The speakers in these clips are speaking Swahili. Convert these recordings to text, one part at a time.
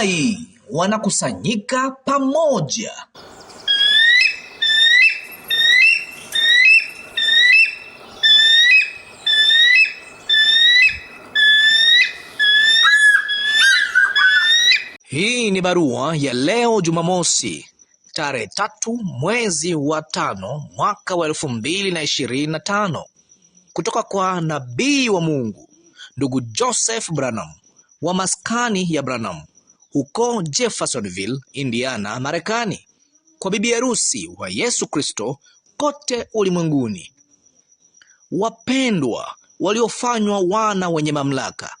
Tai wanakusanyika pamoja. Hii ni barua ya leo Jumamosi tarehe tatu mwezi wa tano mwaka wa elfu mbili na ishirini na tano kutoka kwa nabii wa Mungu ndugu Joseph Branham wa maskani ya Branham huko Jeffersonville, Indiana, Marekani, kwa bibi harusi wa Yesu Kristo kote ulimwenguni. Wapendwa waliofanywa wana wenye mamlaka,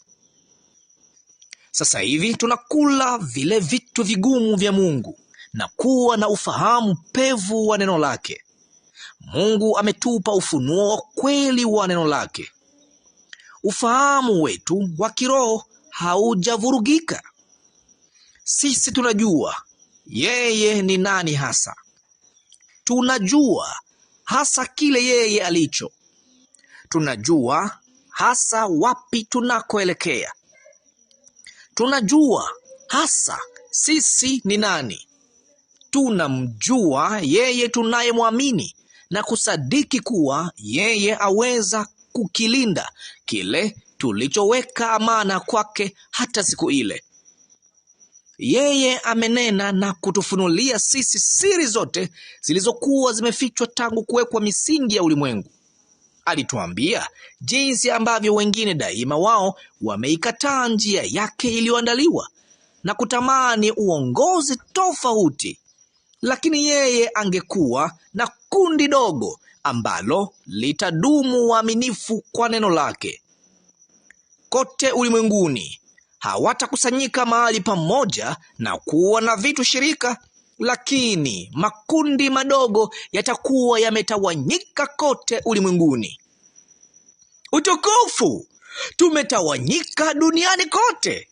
sasa hivi tunakula vile vitu vigumu vya Mungu na kuwa na ufahamu pevu wa neno lake. Mungu ametupa ufunuo wa kweli wa neno lake. Ufahamu wetu wa kiroho haujavurugika sisi tunajua yeye ni nani hasa, tunajua hasa kile yeye alicho, tunajua hasa wapi tunakoelekea, tunajua hasa sisi ni nani, tunamjua yeye tunayemwamini na kusadiki kuwa yeye aweza kukilinda kile tulichoweka amana kwake hata siku ile. Yeye amenena na kutufunulia sisi siri zote zilizokuwa zimefichwa tangu kuwekwa misingi ya ulimwengu. Alituambia jinsi ambavyo wengine daima wao wameikataa njia yake iliyoandaliwa na kutamani uongozi tofauti, lakini yeye angekuwa na kundi dogo ambalo litadumu waaminifu kwa neno lake kote ulimwenguni hawatakusanyika mahali pamoja na kuwa na vitu shirika, lakini makundi madogo yatakuwa yametawanyika kote ulimwenguni. Utukufu! Tumetawanyika duniani kote,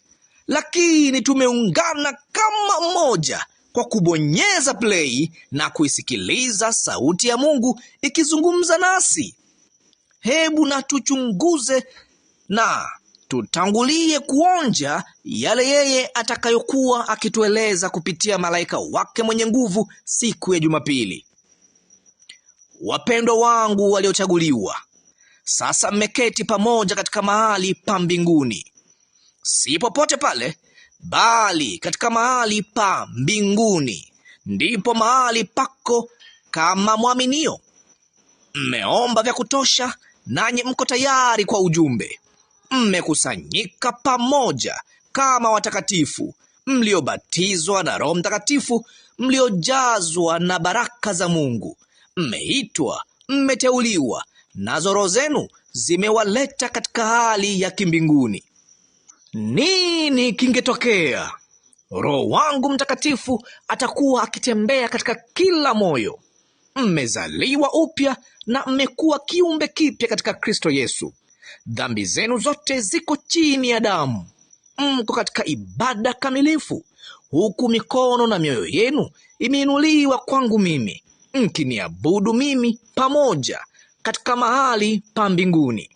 lakini tumeungana kama mmoja kwa kubonyeza play na kuisikiliza sauti ya Mungu ikizungumza nasi. Hebu na tuchunguze na tutangulie kuonja yale yeye atakayokuwa akitueleza kupitia malaika wake mwenye nguvu siku ya Jumapili. Wapendwa wangu waliochaguliwa, sasa mmeketi pamoja katika mahali pa mbinguni, si popote pale, bali katika mahali pa mbinguni, ndipo mahali pako kama mwaminio. Mmeomba vya kutosha, nanyi mko tayari kwa ujumbe mmekusanyika pamoja kama watakatifu mliobatizwa na Roho Mtakatifu, mliojazwa na baraka za Mungu, mmeitwa, mmeteuliwa, nazo roho zenu zimewaleta katika hali ya kimbinguni. Nini kingetokea? Roho wangu Mtakatifu atakuwa akitembea katika kila moyo. Mmezaliwa upya na mmekuwa kiumbe kipya katika Kristo Yesu. Dhambi zenu zote ziko chini ya damu, mko katika ibada kamilifu, huku mikono na mioyo yenu imeinuliwa kwangu mimi, mkiniabudu mimi pamoja katika mahali pa mbinguni.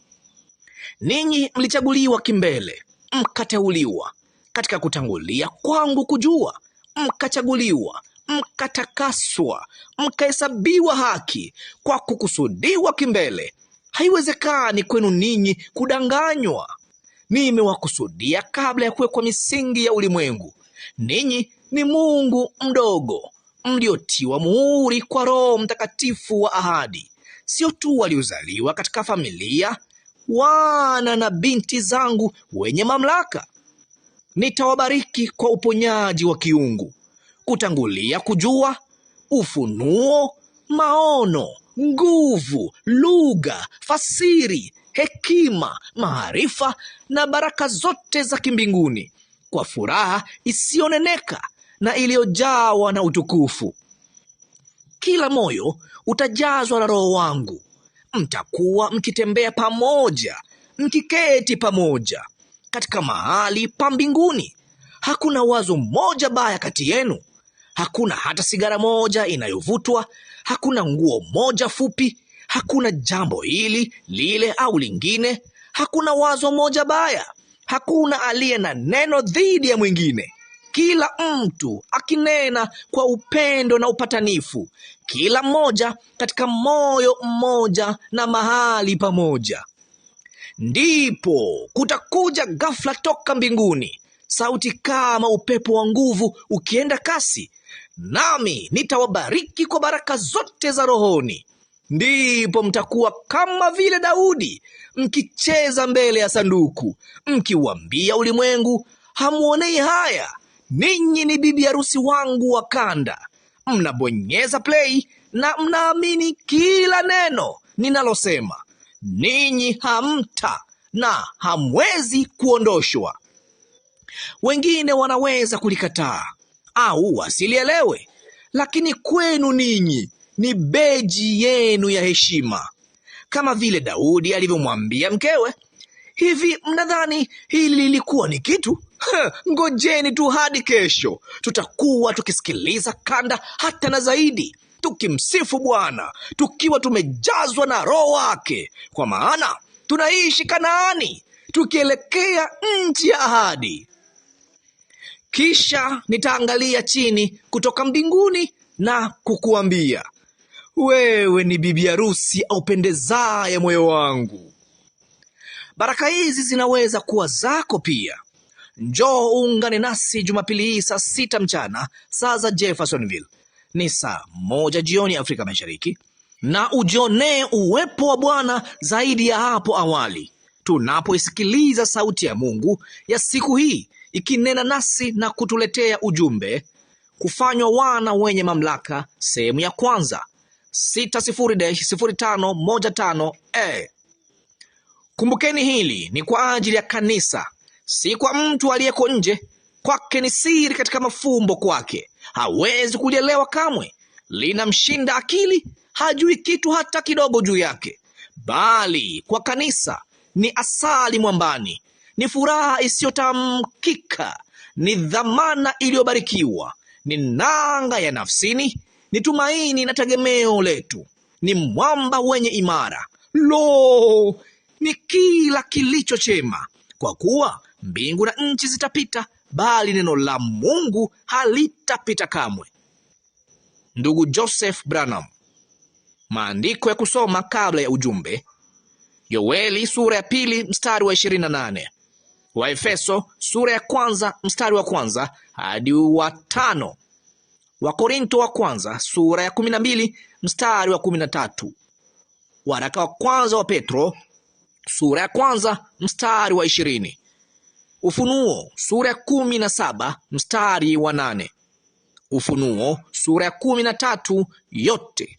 Ninyi mlichaguliwa kimbele, mkateuliwa katika kutangulia kwangu kujua, mkachaguliwa mkatakaswa mkahesabiwa haki kwa kukusudiwa kimbele haiwezekani kwenu ninyi kudanganywa. Nimewakusudia kabla ya kuwekwa misingi ya ulimwengu, ninyi ni Mungu mdogo mliotiwa muhuri kwa Roho Mtakatifu wa ahadi. Sio tu waliozaliwa katika familia, wana na binti zangu wenye mamlaka. Nitawabariki kwa uponyaji wa kiungu, kutangulia kujua, ufunuo, maono nguvu, lugha, fasiri, hekima, maarifa na baraka zote za kimbinguni kwa furaha isiyoneneka na iliyojawa na utukufu. Kila moyo utajazwa na Roho wangu. Mtakuwa mkitembea pamoja, mkiketi pamoja katika mahali pa mbinguni. Hakuna wazo moja baya kati yenu, Hakuna hata sigara moja inayovutwa, hakuna nguo moja fupi, hakuna jambo hili lile au lingine, hakuna wazo moja baya, hakuna aliye na neno dhidi ya mwingine. Kila mtu akinena kwa upendo na upatanifu, kila mmoja katika moyo mmoja na mahali pamoja. Ndipo kutakuja ghafla toka mbinguni sauti kama upepo wa nguvu ukienda kasi nami nitawabariki kwa baraka zote za rohoni. Ndipo mtakuwa kama vile Daudi, mkicheza mbele ya sanduku, mkiwaambia ulimwengu, hamuonei haya, ninyi ni bibi harusi wangu wa kanda. Mnabonyeza play na mnaamini kila neno ninalosema. Ninyi hamta na hamwezi kuondoshwa. Wengine wanaweza kulikataa au wasilielewe, lakini kwenu ninyi ni beji yenu ya heshima, kama vile Daudi alivyomwambia mkewe, hivi mnadhani hili lilikuwa ni kitu Ha, ngojeni tu hadi kesho, tutakuwa tukisikiliza kanda hata na zaidi, tukimsifu Bwana tukiwa tumejazwa na Roho wake, kwa maana tunaishi Kanaani tukielekea nchi ya ahadi. Kisha nitaangalia chini kutoka mbinguni na kukuambia, wewe ni bibi harusi aupendezaye moyo wangu. Baraka hizi zinaweza kuwa zako pia. Njoo uungane nasi Jumapili hii saa sita mchana saa za Jeffersonville, ni saa moja jioni Afrika Mashariki, na ujionee uwepo wa Bwana zaidi ya hapo awali, tunapoisikiliza sauti ya Mungu ya siku hii ikinena nasi na kutuletea ujumbe kufanywa wana wenye mamlaka, sehemu ya kwanza 60-0515 e. Kumbukeni hili ni kwa ajili ya kanisa, si kwa mtu aliyeko nje. Kwake ni siri katika mafumbo, kwake hawezi kulielewa kamwe, linamshinda akili, hajui kitu hata kidogo juu yake, bali kwa kanisa ni asali mwambani, ni furaha isiyotamkika, ni dhamana iliyobarikiwa, ni nanga ya nafsini, ni tumaini na tegemeo letu, ni mwamba wenye imara. Lo, ni kila kilicho chema, kwa kuwa mbingu na nchi zitapita, bali neno la Mungu halitapita kamwe. Ndugu Joseph Branham. Maandiko ya kusoma kabla ya ujumbe, Yoeli sura ya pili mstari wa 28. Waefeso sura ya kwanza mstari wa kwanza hadi wa tano. Wakorinto wa kwanza sura ya kumi na mbili mstari wa kumi na tatu. Waraka wa kwanza wa Petro sura ya kwanza mstari wa ishirini. Ufunuo sura ya kumi na saba mstari wa nane. Ufunuo sura ya kumi na tatu yote.